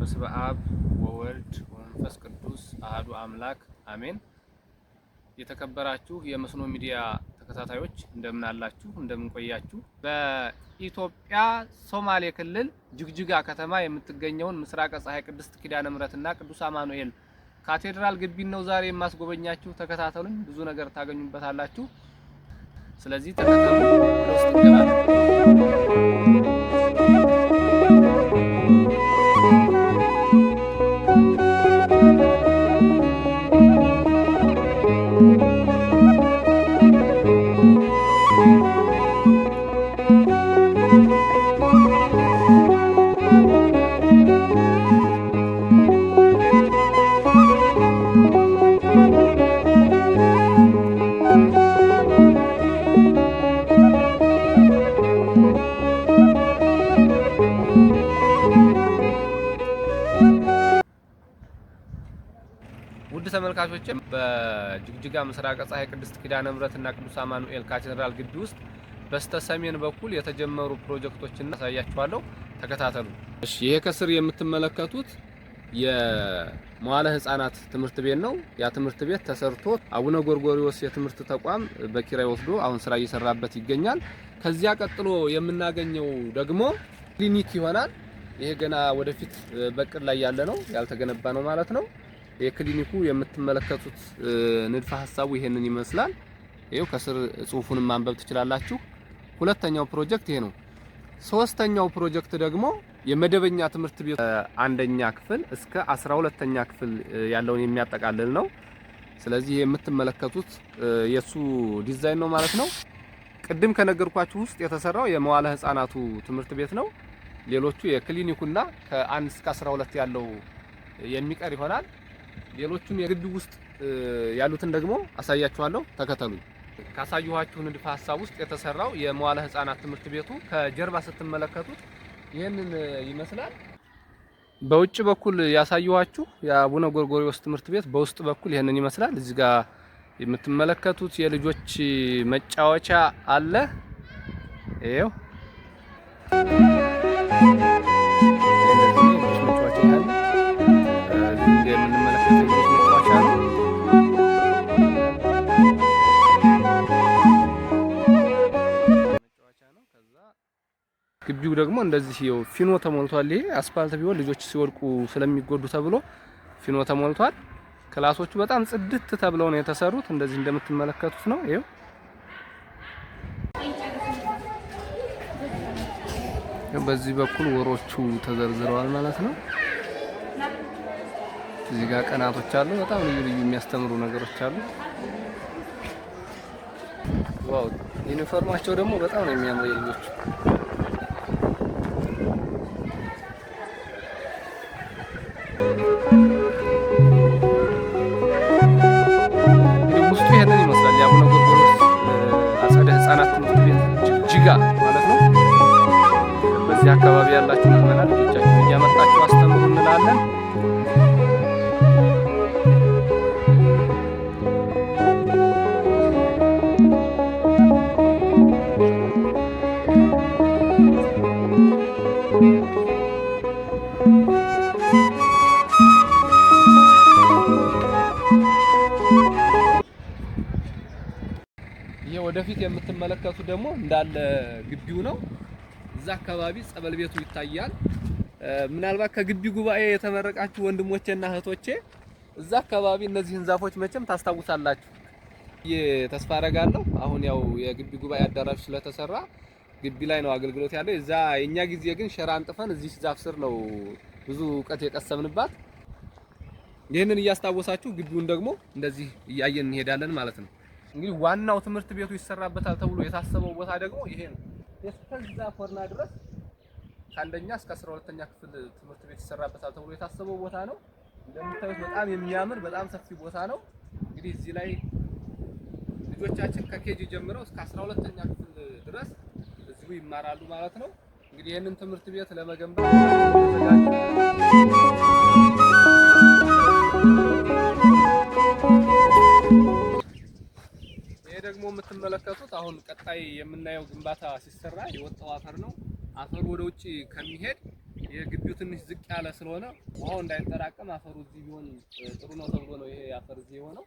በስመ አብ ወወልድ ወመንፈስ ቅዱስ አህዱ አምላክ አሜን። የተከበራችሁ የመስኖ ሚዲያ ተከታታዮች እንደምን አላችሁ? እንደምን ቆያችሁ? በኢትዮጵያ ሶማሌ ክልል ጅግጅጋ ከተማ የምትገኘውን ምስራቀ ፀሐይ ቅድስት ኪዳነ ምሕረትና ቅዱስ አማኑኤል ካቴድራል ግቢ ነው ዛሬ የማስጎበኛችሁ። ተከታተሉኝ፣ ብዙ ነገር ታገኙበታላችሁ። ስለዚህ ተከታተሉ። ጅግጅጋ ምስራቅ ፀሐይ ቅድስት ኪዳነ ምሕረትና ቅዱስ አማኑኤል ካቴድራል ግቢ ውስጥ በስተ ሰሜን በኩል የተጀመሩ ፕሮጀክቶችን አሳያችኋለሁ። ተከታተሉ። እሺ፣ ይሄ ከስር የምትመለከቱት የመዋለ ህጻናት ትምህርት ቤት ነው። ያ ትምህርት ቤት ተሰርቶ አቡነ ጎርጎሪዎስ የትምህርት ተቋም በኪራይ ወስዶ አሁን ስራ እየሰራበት ይገኛል። ከዚያ ቀጥሎ የምናገኘው ደግሞ ክሊኒክ ይሆናል። ይሄ ገና ወደፊት በቅድ ላይ ያለ ነው፣ ያልተገነባ ነው ማለት ነው። የክሊኒኩ የምትመለከቱት ንድፈ ሀሳቡ ይሄንን ይመስላል። ይሄው ከስር ጽሁፉን ማንበብ ትችላላችሁ። ሁለተኛው ፕሮጀክት ይሄ ነው። ሶስተኛው ፕሮጀክት ደግሞ የመደበኛ ትምህርት ቤት አንደኛ ክፍል እስከ 12ተኛ ክፍል ያለውን የሚያጠቃልል ነው። ስለዚህ የምትመለከቱት የሱ ዲዛይን ነው ማለት ነው። ቅድም ከነገርኳችሁ ውስጥ የተሰራው የመዋለ ህፃናቱ ትምህርት ቤት ነው። ሌሎቹ የክሊኒኩና ከ1 እስከ 12 ያለው የሚቀር ይሆናል። ሌሎቹን የግቢ ውስጥ ያሉትን ደግሞ አሳያችኋለሁ። ተከተሉኝ። ካሳየኋችሁ ንድፈ ሀሳብ ውስጥ የተሰራው የመዋለ ህፃናት ትምህርት ቤቱ ከጀርባ ስትመለከቱት ይህንን ይመስላል። በውጭ በኩል ያሳየኋችሁ የአቡነ ጎርጎሪዎስ ትምህርት ቤት በውስጥ በኩል ይህንን ይመስላል። እዚህ ጋር የምትመለከቱት የልጆች መጫወቻ አለ ይኸው ግቢው ደግሞ እንደዚህ ፊኖ ተሞልቷል። ይሄ አስፓልት ቢሆን ልጆች ሲወድቁ ስለሚጎዱ ተብሎ ፊኖ ተሞልቷል። ክላሶቹ በጣም ጽድት ተብለው ነው የተሰሩት። እንደዚህ እንደምትመለከቱት ነው። ይሄው በዚህ በኩል ወሮቹ ተዘርዝረዋል ማለት ነው። እዚህ ጋር ቀናቶች አሉ። በጣም ልዩ ልዩ የሚያስተምሩ ነገሮች አሉ። ዋው! ዩኒፎርማቸው ደግሞ በጣም ነው የሚያምሩ የልጆቹ አካባቢ ያላችሁ ምዕመናን ልጆቻችሁን እያመጣችሁ አስተምሩ እንላለን። ወደፊት የምትመለከቱ ደግሞ እንዳለ ግቢው ነው። አካባቢ ጸበል ቤቱ ይታያል። ምናልባት ከግቢ ጉባኤ የተመረቃችሁ ወንድሞቼና እህቶቼ እዛ አካባቢ እነዚህን ዛፎች መቼም ታስታውሳላችሁ ተስፋ አደርጋለሁ። አሁን ያው የግቢ ጉባኤ አዳራሽ ስለተሰራ ግቢ ላይ ነው አገልግሎት ያለው። እዛ የኛ ጊዜ ግን ሸራ አንጥፈን እዚህ ዛፍ ስር ነው ብዙ እውቀት የቀሰምንባት። ይህንን እያስታወሳችሁ ግቢውን ደግሞ እንደዚህ እያየን እንሄዳለን ማለት ነው። እንግዲህ ዋናው ትምህርት ቤቱ ይሰራበታል ተብሎ የታሰበው ቦታ ደግሞ ይሄ ነው። እስከዛ ኮርና ድረስ ከአንደኛ እስከ አስራ ሁለተኛ ክፍል ትምህርት ቤት ይሰራበታል ተብሎ የታሰበው ቦታ ነው። እንደምታዩት በጣም የሚያምር በጣም ሰፊ ቦታ ነው። እንግዲህ እዚህ ላይ ልጆቻችን ከኬጂ ጀምረው እስከ አስራ ሁለተኛ ክፍል ድረስ እዚሁ ይማራሉ ማለት ነው። እንግዲህ ይህንን ትምህርት ቤት ለመገንባት ደግሞ የምትመለከቱት አሁን ቀጣይ የምናየው ግንባታ ሲሰራ የወጣው አፈር ነው። አፈሩ ወደ ውጭ ከሚሄድ የግቢው ትንሽ ዝቅ ያለ ስለሆነ ውሃው እንዳይጠራቀም አፈሩ እዚህ ቢሆን ጥሩ ነው ተብሎ ነው ይሄ አፈር እዚህ የሆነው።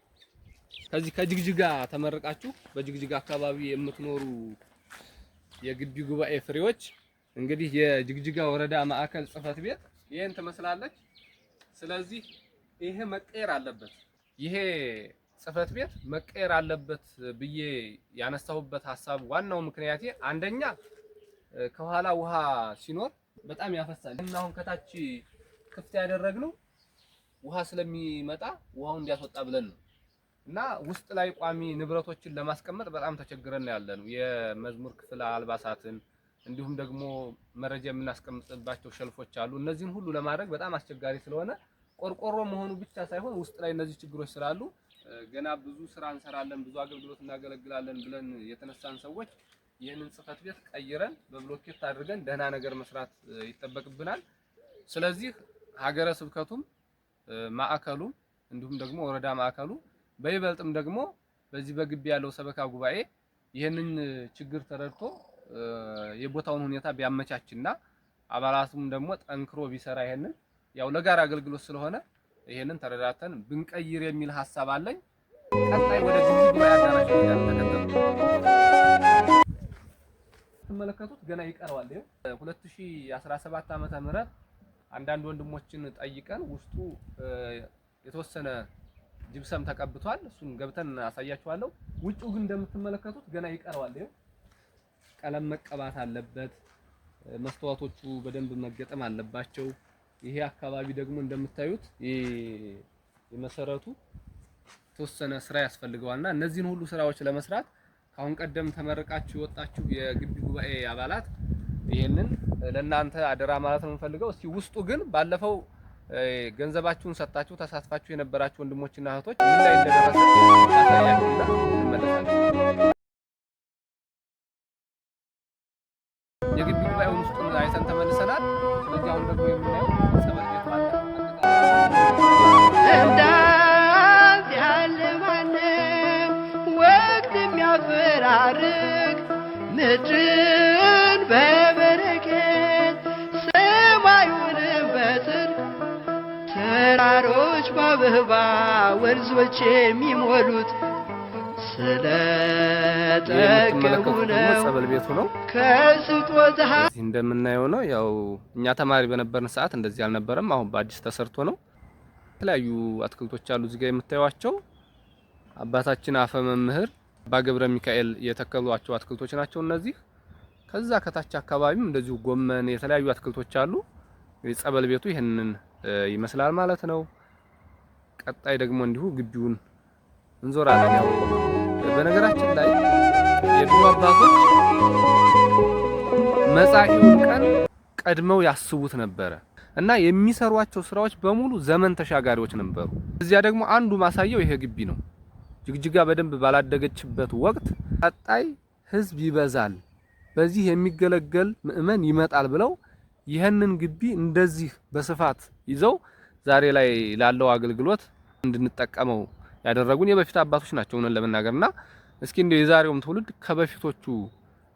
ከዚህ ከጅግጅጋ ተመርቃችሁ በጅግጅጋ አካባቢ የምትኖሩ የግቢ ጉባኤ ፍሬዎች እንግዲህ የጅግጅጋ ወረዳ ማዕከል ጽህፈት ቤት ይሄን ትመስላለች። ስለዚህ ይሄ መቀየር አለበት ይሄ ጽህፈት ቤት መቀየር አለበት ብዬ ያነሳሁበት ሀሳብ ዋናው ምክንያቴ አንደኛ ከኋላ ውሃ ሲኖር በጣም ያፈሳል እና አሁን ከታች ክፍት ያደረግነው ውሃ ስለሚመጣ ውሃው እንዲያስወጣ ብለን ነው እና ውስጥ ላይ ቋሚ ንብረቶችን ለማስቀመጥ በጣም ተቸግረን ያለ ነው። የመዝሙር ክፍል አልባሳትን እንዲሁም ደግሞ መረጃ የምናስቀምጥባቸው ሸልፎች አሉ። እነዚህን ሁሉ ለማድረግ በጣም አስቸጋሪ ስለሆነ ቆርቆሮ መሆኑ ብቻ ሳይሆን ውስጥ ላይ እነዚህ ችግሮች ስላሉ ገና ብዙ ስራ እንሰራለን፣ ብዙ አገልግሎት እናገለግላለን ብለን የተነሳን ሰዎች ይህንን ጽህፈት ቤት ቀይረን በብሎኬት አድርገን ደህና ነገር መስራት ይጠበቅብናል። ስለዚህ ሀገረ ስብከቱም ማዕከሉም እንዲሁም ደግሞ ወረዳ ማዕከሉ በይበልጥም ደግሞ በዚህ በግቢ ያለው ሰበካ ጉባኤ ይህንን ችግር ተረድቶ የቦታውን ሁኔታ ቢያመቻችና አባላቱም ደግሞ ጠንክሮ ቢሰራ ይሄንን ያው ለጋራ አገልግሎት ስለሆነ ይሄንን ተረዳተን ብንቀይር የሚል ሀሳብ አለኝ። ቀጣይ ወደ ትመለከቱት ገና ይቀረዋል። ይሄ 2017 ዓመተ ምህረት አንዳንድ ወንድሞችን ጠይቀን ውስጡ የተወሰነ ጅብሰም ተቀብቷል። እሱን ገብተን አሳያችኋለሁ። ውጪው ግን እንደምትመለከቱት ገና ይቀረዋል። ይሄ ቀለም መቀባት አለበት። መስተዋቶቹ በደንብ መገጠም አለባቸው። ይሄ አካባቢ ደግሞ እንደምታዩት የመሰረቱ ተወሰነ ስራ ያስፈልገዋልና እነዚህን ሁሉ ስራዎች ለመስራት ከአሁን ቀደም ተመርቃችሁ የወጣችሁ የግቢ ጉባኤ አባላት ይሄንን ለእናንተ አደራ ማለት ነው የምፈልገው። እስቲ ውስጡ ግን ባለፈው ገንዘባችሁን ሰጣችሁ ተሳትፋችሁ የነበራችሁ ወንድሞችና እህቶች ምን ላይ እንደደረሰ ወንዞች የሚሞሉት ስለጠቀሙነ ጸበል ቤቱ ነው። ከስጦታ እንደምናየው ነው። ያው እኛ ተማሪ በነበርን ሰዓት እንደዚህ አልነበረም። አሁን በአዲስ ተሰርቶ ነው። የተለያዩ አትክልቶች አሉ እዚጋ የምታዩቸው አባታችን አፈ መምህር ባገብረ ሚካኤል የተከሏቸው አትክልቶች ናቸው እነዚህ። ከዛ ከታች አካባቢም እንደዚሁ ጎመን፣ የተለያዩ አትክልቶች አሉ። ጸበል ቤቱ ይህንን ይመስላል ማለት ነው። ቀጣይ ደግሞ እንዲሁ ግቢውን እንዞራለን። ያው በነገራችን ላይ የድሮ አባቶች መጻኢውን ቀን ቀድመው ያስቡት ነበረ እና የሚሰሯቸው ስራዎች በሙሉ ዘመን ተሻጋሪዎች ነበሩ። እዚያ ደግሞ አንዱ ማሳየው ይሄ ግቢ ነው። ጅግጅጋ በደንብ ባላደገችበት ወቅት ቀጣይ ህዝብ ይበዛል፣ በዚህ የሚገለገል ምእመን ይመጣል ብለው ይህንን ግቢ እንደዚህ በስፋት ይዘው ዛሬ ላይ ላለው አገልግሎት እንድንጠቀመው ያደረጉን የበፊት አባቶች ናቸው። ለመናገር እና እስኪ እንደ የዛሬውም ትውልድ ከበፊቶቹ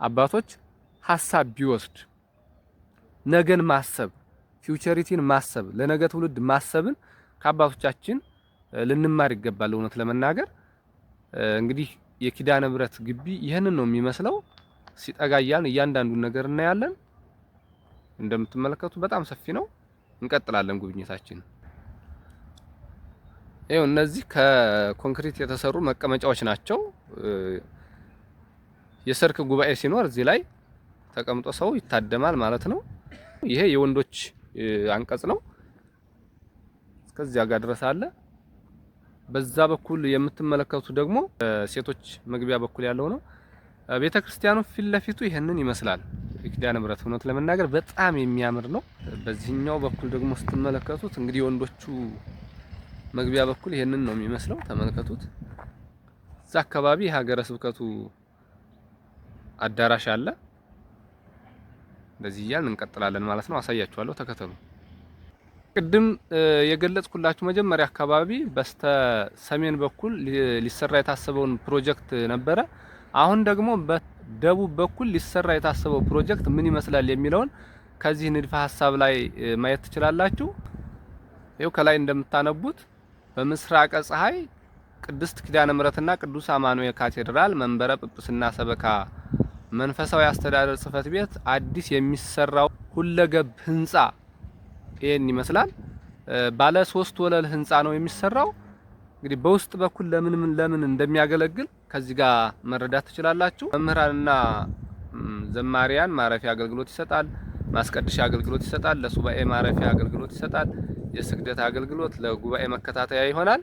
አባቶች ሀሳብ ቢወስድ ነገን ማሰብ ፊውቸሪቲን ማሰብ ለነገ ትውልድ ማሰብን ከአባቶቻችን ልንማር ይገባል። እውነት ለመናገር እንግዲህ የኪዳነ ምሕረት ግቢ ይህንን ነው የሚመስለው። ሲጠጋ እያልን እያንዳንዱን ነገር እናያለን። እንደምትመለከቱ በጣም ሰፊ ነው። እንቀጥላለን ጉብኝታችን። ይኸው እነዚህ ከኮንክሪት የተሰሩ መቀመጫዎች ናቸው። የሰርክ ጉባኤ ሲኖር እዚህ ላይ ተቀምጦ ሰው ይታደማል ማለት ነው። ይሄ የወንዶች አንቀጽ ነው። እስከዚያ ጋር ድረስ አለ። በዛ በኩል የምትመለከቱ ደግሞ ሴቶች መግቢያ በኩል ያለው ነው። ቤተ ክርስቲያኑ ፊት ለፊቱ ይህንን ይመስላል። የኪዳነ ምሕረት እውነት ለመናገር በጣም የሚያምር ነው። በዚህኛው በኩል ደግሞ ስትመለከቱት እንግዲህ የወንዶቹ መግቢያ በኩል ይሄንን ነው የሚመስለው። ተመልከቱት። እዛ አካባቢ የሀገረ ስብከቱ አዳራሽ አለ። እንደዚህ እያልን እንቀጥላለን ማለት ነው። አሳያችኋለሁ፣ ተከተሉ። ቅድም የገለጽኩላችሁ መጀመሪያ አካባቢ በስተ ሰሜን በኩል ሊሰራ የታሰበውን ፕሮጀክት ነበረ። አሁን ደግሞ በደቡብ በኩል ሊሰራ የታሰበው ፕሮጀክት ምን ይመስላል የሚለውን ከዚህ ንድፈ ሀሳብ ላይ ማየት ትችላላችሁ። ይኸው ከላይ እንደምታነቡት በምስራቀ ፀሐይ ቅድስት ኪዳነ ምሕረትና ቅዱስ አማኑኤል ካቴድራል መንበረ ጵጵስና ሰበካ መንፈሳዊ አስተዳደር ጽሕፈት ቤት አዲስ የሚሰራው ሁለገብ ህንጻ ይህን ይመስላል። ባለ ሶስት ወለል ህንጻ ነው የሚሰራው። እንግዲህ በውስጥ በኩል ለምን ምን ለምን እንደሚያገለግል ከዚህ ጋር መረዳት ትችላላችሁ። መምህራንና ዘማሪያን ማረፊያ አገልግሎት ይሰጣል። ማስቀደሻ አገልግሎት ይሰጣል። ለሱባኤ ማረፊያ አገልግሎት ይሰጣል። የስግደት አገልግሎት ለጉባኤ መከታተያ ይሆናል።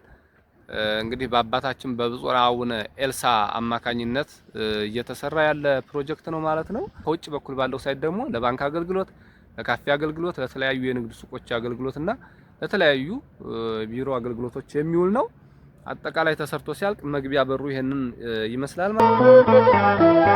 እንግዲህ በአባታችን በብፁዕ አቡነ ኤልሳ አማካኝነት እየተሰራ ያለ ፕሮጀክት ነው ማለት ነው። ከውጭ በኩል ባለው ሳይት ደግሞ ለባንክ አገልግሎት፣ ለካፌ አገልግሎት፣ ለተለያዩ የንግድ ሱቆች እና ለተለያዩ ቢሮ አገልግሎቶች የሚውል ነው። አጠቃላይ ተሰርቶ ሲያልቅ መግቢያ በሩ ይሄንን ይመስላል ማለት ነው።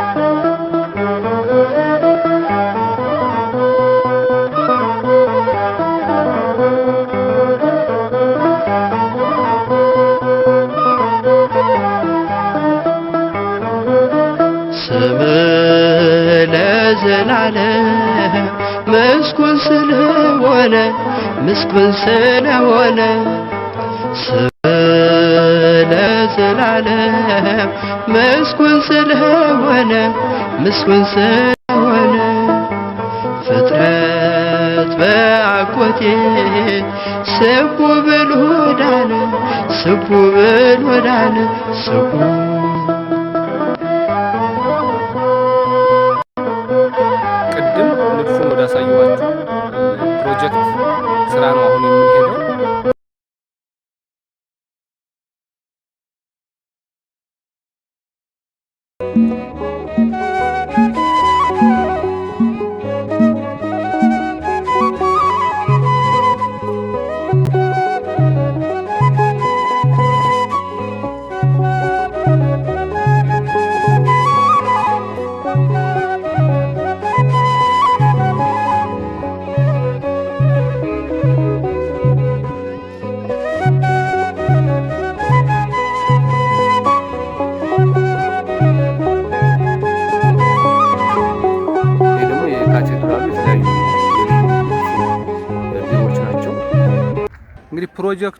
ምስጉን ስለሆነ ምስጉን ስለሆነ ስለ ዘላለም ምስጉን ስለሆነ ምስጉን ስለሆነ ፍጥረት በአቆቴ ስቡ ብል ወዳነ ስቡ ብል ወዳነ ስቡ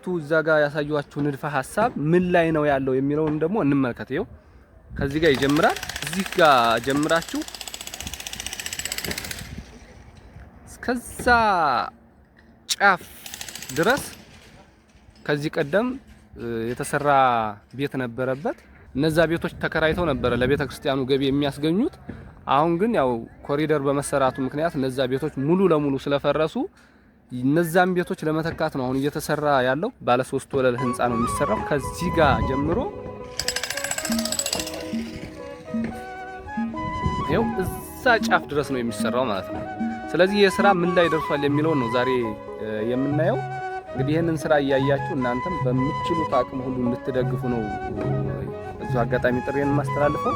ያሳየኋችሁ እዛ ጋር ያሳየኋችሁ ንድፈ ሀሳብ ምን ላይ ነው ያለው የሚለውን ደግሞ እንመልከት። ይኸው ከዚህ ጋር ይጀምራል። እዚህ ጋር ጀምራችሁ እስከዛ ጫፍ ድረስ ከዚህ ቀደም የተሰራ ቤት ነበረበት። እነዛ ቤቶች ተከራይተው ነበረ ለቤተ ክርስቲያኑ ገቢ የሚያስገኙት። አሁን ግን ያው ኮሪደር በመሰራቱ ምክንያት እነዛ ቤቶች ሙሉ ለሙሉ ስለፈረሱ እነዛን ቤቶች ለመተካት ነው አሁን እየተሰራ ያለው። ባለ ሶስት ወለል ህንፃ ነው የሚሰራው። ከዚህ ጋር ጀምሮ ይኸው እዛ ጫፍ ድረስ ነው የሚሰራው ማለት ነው። ስለዚህ ይህ ስራ ምን ላይ ደርሷል የሚለውን ነው ዛሬ የምናየው። እንግዲህ ይህንን ስራ እያያችሁ እናንተም በምችሉት አቅም ሁሉ እንድትደግፉ ነው እዚሁ አጋጣሚ ጥሬን ማስተላልፈው።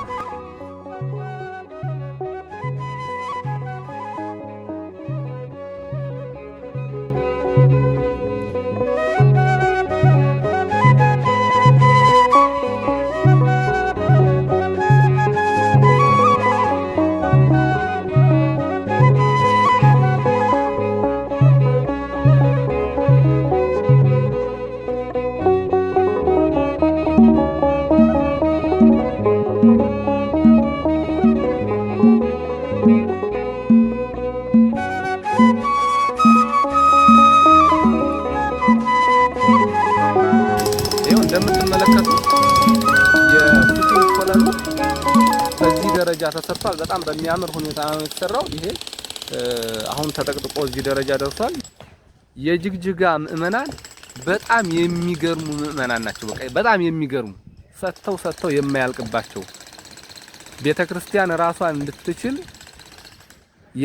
ደርሷል። በጣም በሚያምር ሁኔታ ነው የተሰራው። ይሄ አሁን ተጠቅጥቆ እዚህ ደረጃ ደርሷል። የጅግጅጋ ምእመናን በጣም የሚገርሙ ምእመናን ናቸው። በቃ በጣም የሚገርሙ ሰጥተው ሰጥተው የማያልቅባቸው ቤተ ክርስቲያን ራሷን እንድትችል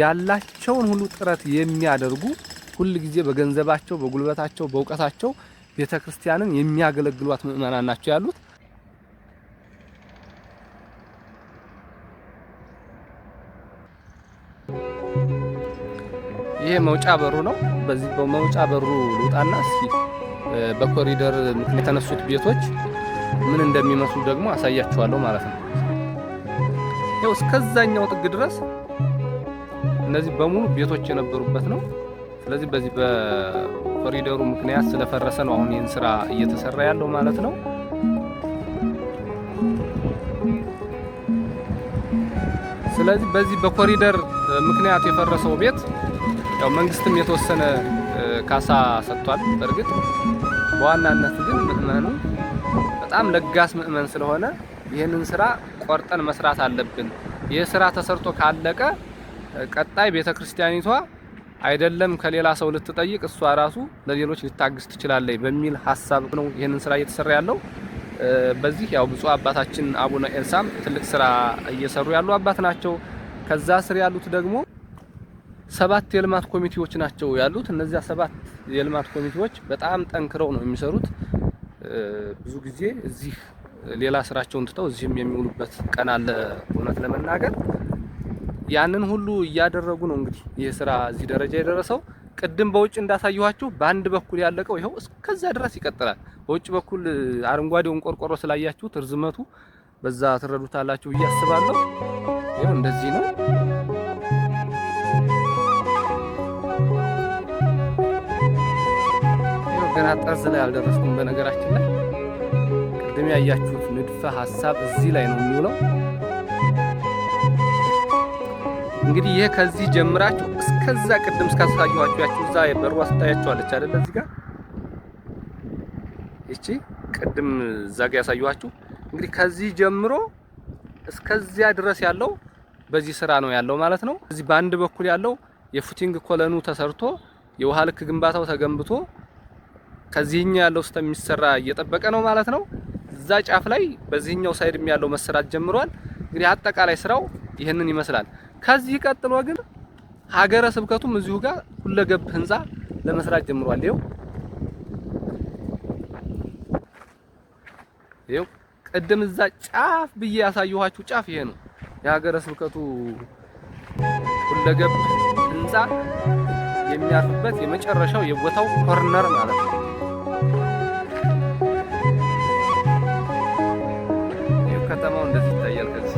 ያላቸውን ሁሉ ጥረት የሚያደርጉ ሁል ጊዜ በገንዘባቸው፣ በጉልበታቸው፣ በእውቀታቸው ቤተ ክርስቲያንን የሚያገለግሏት ምእመናን ናቸው ያሉት። ይሄ መውጫ በሩ ነው። በዚህ በመውጫ በሩ ልውጣና እስኪ በኮሪደር የተነሱት ቤቶች ምን እንደሚመስሉ ደግሞ አሳያችኋለሁ ማለት ነው። ያው እስከዛኛው ጥግ ድረስ እነዚህ በሙሉ ቤቶች የነበሩበት ነው። ስለዚህ በዚህ በኮሪደሩ ምክንያት ስለፈረሰ ነው አሁን ይህን ስራ እየተሰራ ያለው ማለት ነው። ስለዚህ በዚህ በኮሪደር ምክንያት የፈረሰው ቤት ያው መንግስትም የተወሰነ ካሳ ሰጥቷል። በእርግጥ በዋናነት ግን ምዕመኑ በጣም ለጋስ ምዕመን ስለሆነ ይህንን ስራ ቆርጠን መስራት አለብን። ይህ ስራ ተሰርቶ ካለቀ ቀጣይ ቤተ ክርስቲያኒቷ አይደለም ከሌላ ሰው ልትጠይቅ እሷ ራሱ ለሌሎች ልታግዝ ትችላለች በሚል ሀሳብ ነው ይህንን ስራ እየተሰራ ያለው። በዚህ ያው ብፁዕ አባታችን አቡነ ኤልሳም ትልቅ ስራ እየሰሩ ያሉ አባት ናቸው። ከዛ ስር ያሉት ደግሞ ሰባት የልማት ኮሚቴዎች ናቸው ያሉት። እነዚያ ሰባት የልማት ኮሚቴዎች በጣም ጠንክረው ነው የሚሰሩት። ብዙ ጊዜ እዚህ ሌላ ስራቸውን ትተው እዚህም የሚውሉበት ቀን አለ። እውነት ለመናገር ያንን ሁሉ እያደረጉ ነው እንግዲህ ይህ ስራ እዚህ ደረጃ የደረሰው። ቅድም በውጭ እንዳሳየኋችሁ በአንድ በኩል ያለቀው ይኸው እስከዛ ድረስ ይቀጥላል። በውጭ በኩል አረንጓዴውን ቆርቆሮ ስላያችሁት ትርዝመቱ በዛ ትረዱታላችሁ ብዬ አስባለሁ። ይኸው እንደዚህ ነው። ገና ጠርዝ ላይ አልደረስኩም። በነገራችን ላይ ቅድም ያያችሁት ንድፈ ሀሳብ እዚህ ላይ ነው የሚውለው። እንግዲህ ይህ ከዚህ ጀምራችሁ እስከዛ ቅድም እስካሳየኋችሁ ያችሁ እዛ የበሩ አስታያችኋለች አደለ? እዚህ ጋር ይቺ ቅድም እዛ ጋር ያሳየኋችሁ እንግዲህ ከዚህ ጀምሮ እስከዚያ ድረስ ያለው በዚህ ስራ ነው ያለው ማለት ነው። እዚህ በአንድ በኩል ያለው የፉቲንግ ኮለኑ ተሰርቶ የውሃ ልክ ግንባታው ተገንብቶ ከዚህኛው ያለው እስከሚሰራ እየጠበቀ ነው ማለት ነው። እዛ ጫፍ ላይ በዚህኛው ሳይድም ያለው መሰራት ጀምሯል። እንግዲህ አጠቃላይ ስራው ይህንን ይመስላል። ከዚህ ቀጥሎ ግን ሀገረ ስብከቱም እዚሁ ጋር ሁለገብ ህንፃ ለመስራት ጀምሯል። ይኸው ይኸው ቅድም እዛ ጫፍ ብዬ ያሳየኋችሁ ጫፍ ይሄ ነው የሀገረ ስብከቱ ሁለገብ ህንፃ የሚያርፍበት የመጨረሻው የቦታው ኮርነር ማለት ነው። ከተማው እንደዚህ ይታያል። ከዚህ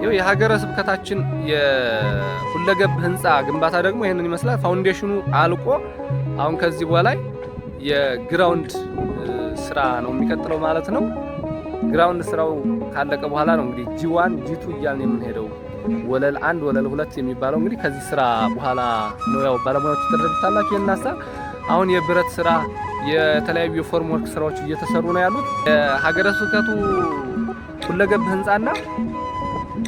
ይኸው የሀገረ ስብከታችን የሁለገብ ህንፃ ግንባታ ደግሞ ይህንን ይመስላል። ፋውንዴሽኑ አልቆ አሁን ከዚህ በላይ የግራውንድ ስራ ነው የሚቀጥለው ማለት ነው። ግራውንድ ስራው ካለቀ በኋላ ነው እንግዲህ ጂዋን ጂቱ እያልን የምንሄደው። ወለል አንድ ወለል ሁለት የሚባለው እንግዲህ ከዚህ ስራ በኋላ ነው። ያው ባለሙያዎች ተረድታላችሁ የናሳ አሁን የብረት ስራ፣ የተለያዩ የፎርም ወርክ ስራዎች እየተሰሩ ነው ያሉት። የሀገረ ስብከቱ ሁለገብ ህንፃና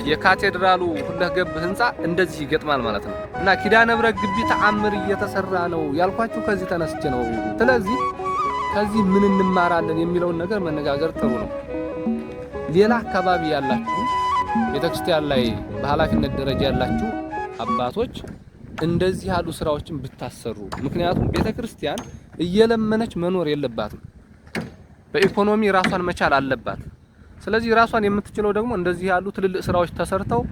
የካቴድራሉ ሁለገብ ህንፃ እንደዚህ ይገጥማል ማለት ነው እና ኪዳነ ምሕረት ግቢ ተአምር እየተሰራ ነው ያልኳችሁ ከዚህ ተነስቼ ነው። ስለዚህ ከዚህ ምን እንማራለን የሚለውን ነገር መነጋገር ጥሩ ነው። ሌላ አካባቢ ያላችሁ ቤተ ክርስቲያን ላይ በኃላፊነት ደረጃ ያላችሁ አባቶች እንደዚህ ያሉ ስራዎችን ብታሰሩ። ምክንያቱም ቤተ ክርስቲያን እየለመነች መኖር የለባትም። በኢኮኖሚ ራሷን መቻል አለባት። ስለዚህ ራሷን የምትችለው ደግሞ እንደዚህ ያሉ ትልልቅ ስራዎች ተሰርተው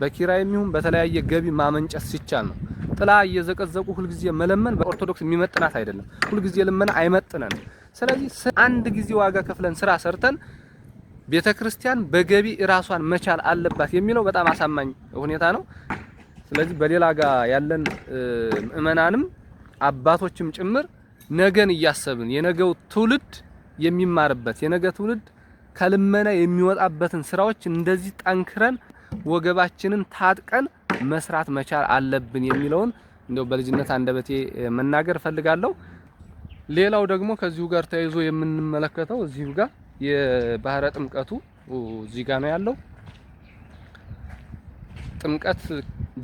በኪራይም ይሁን በተለያየ ገቢ ማመንጨት ሲቻል ነው። ጥላ እየዘቀዘቁ ሁልጊዜ መለመን በኦርቶዶክስ የሚመጥናት አይደለም። ሁልጊዜ ልመና አይመጥነን። ስለዚህ አንድ ጊዜ ዋጋ ከፍለን ስራ ሰርተን ቤተ ክርስቲያን በገቢ ራሷን መቻል አለባት የሚለው በጣም አሳማኝ ሁኔታ ነው። ስለዚህ በሌላ ጋር ያለን ምእመናንም አባቶችም ጭምር ነገን እያሰብን የነገው ትውልድ የሚማርበት የነገ ትውልድ ከልመና የሚወጣበትን ስራዎች እንደዚህ ጠንክረን ወገባችንን ታጥቀን መስራት መቻል አለብን የሚለውን እንደው በልጅነት አንደበቴ መናገር እፈልጋለሁ። ሌላው ደግሞ ከዚሁ ጋር ተያይዞ የምንመለከተው እዚሁ ጋር የባህረ ጥምቀቱ እዚህ ጋር ነው ያለው። ጥምቀት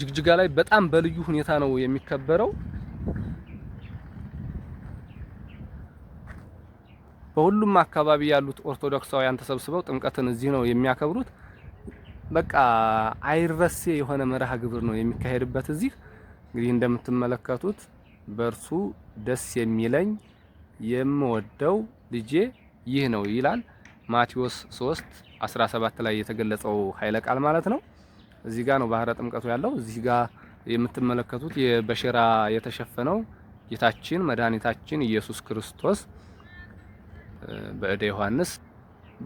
ጅግጅጋ ላይ በጣም በልዩ ሁኔታ ነው የሚከበረው። በሁሉም አካባቢ ያሉት ኦርቶዶክሳውያን ተሰብስበው ጥምቀትን እዚህ ነው የሚያከብሩት። በቃ አይረሴ የሆነ መርሃ ግብር ነው የሚካሄድበት እዚህ እንግዲህ እንደምትመለከቱት በእርሱ ደስ የሚለኝ የምወደው ልጄ ይህ ነው ይላል ማቴዎስ 3 17 ላይ የተገለጸው ኃይለ ቃል ማለት ነው። እዚህ ጋር ነው ባህረ ጥምቀቱ ያለው። እዚህ ጋር የምትመለከቱት በሸራ የተሸፈነው ጌታችን መድኃኒታችን ኢየሱስ ክርስቶስ በእደ ዮሐንስ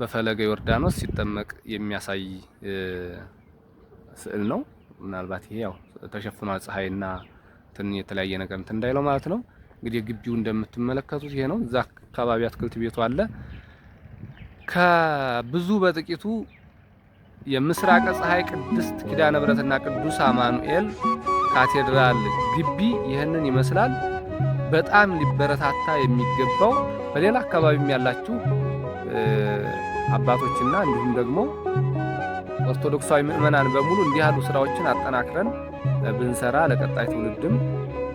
በፈለገ ዮርዳኖስ ሲጠመቅ የሚያሳይ ስዕል ነው። ምናልባት ይሄ ያው ተሸፍኗል፣ ፀሐይና እንትን የተለያየ ነገር እንትን እንዳይለው ማለት ነው። እንግዲህ ግቢው እንደምትመለከቱት ይሄ ነው። እዛ አካባቢ አትክልት ቤቱ አለ። ከብዙ በጥቂቱ የምስራቀ ፀሐይ ቅድስት ኪዳነ ምሕረትና ቅዱስ አማኑኤል ካቴድራል ግቢ ይህንን ይመስላል። በጣም ሊበረታታ የሚገባው በሌላ አካባቢም ያላችሁ አባቶችና እንዲሁም ደግሞ ኦርቶዶክሳዊ ምዕመናን በሙሉ እንዲህ ያሉ ስራዎችን አጠናክረን ብንሰራ ለቀጣይ ትውልድም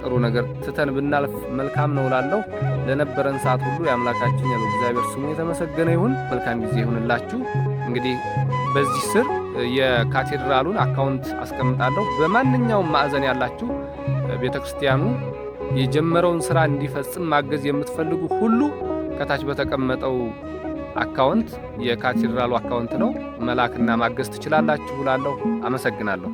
ጥሩ ነገር ትተን ብናልፍ መልካም ነው ላለሁ ለነበረን ሰዓት ሁሉ የአምላካችን እግዚአብሔር ስሙ የተመሰገነ ይሁን። መልካም ጊዜ ይሁንላችሁ። እንግዲህ በዚህ ስር የካቴድራሉን አካውንት አስቀምጣለሁ። በማንኛውም ማዕዘን ያላችሁ ቤተ ክርስቲያኑ የጀመረውን ስራ እንዲፈጽም ማገዝ የምትፈልጉ ሁሉ ከታች በተቀመጠው አካውንት የካቴድራሉ አካውንት ነው መላክና ማገዝ ትችላላችሁ። ብላለሁ አመሰግናለሁ።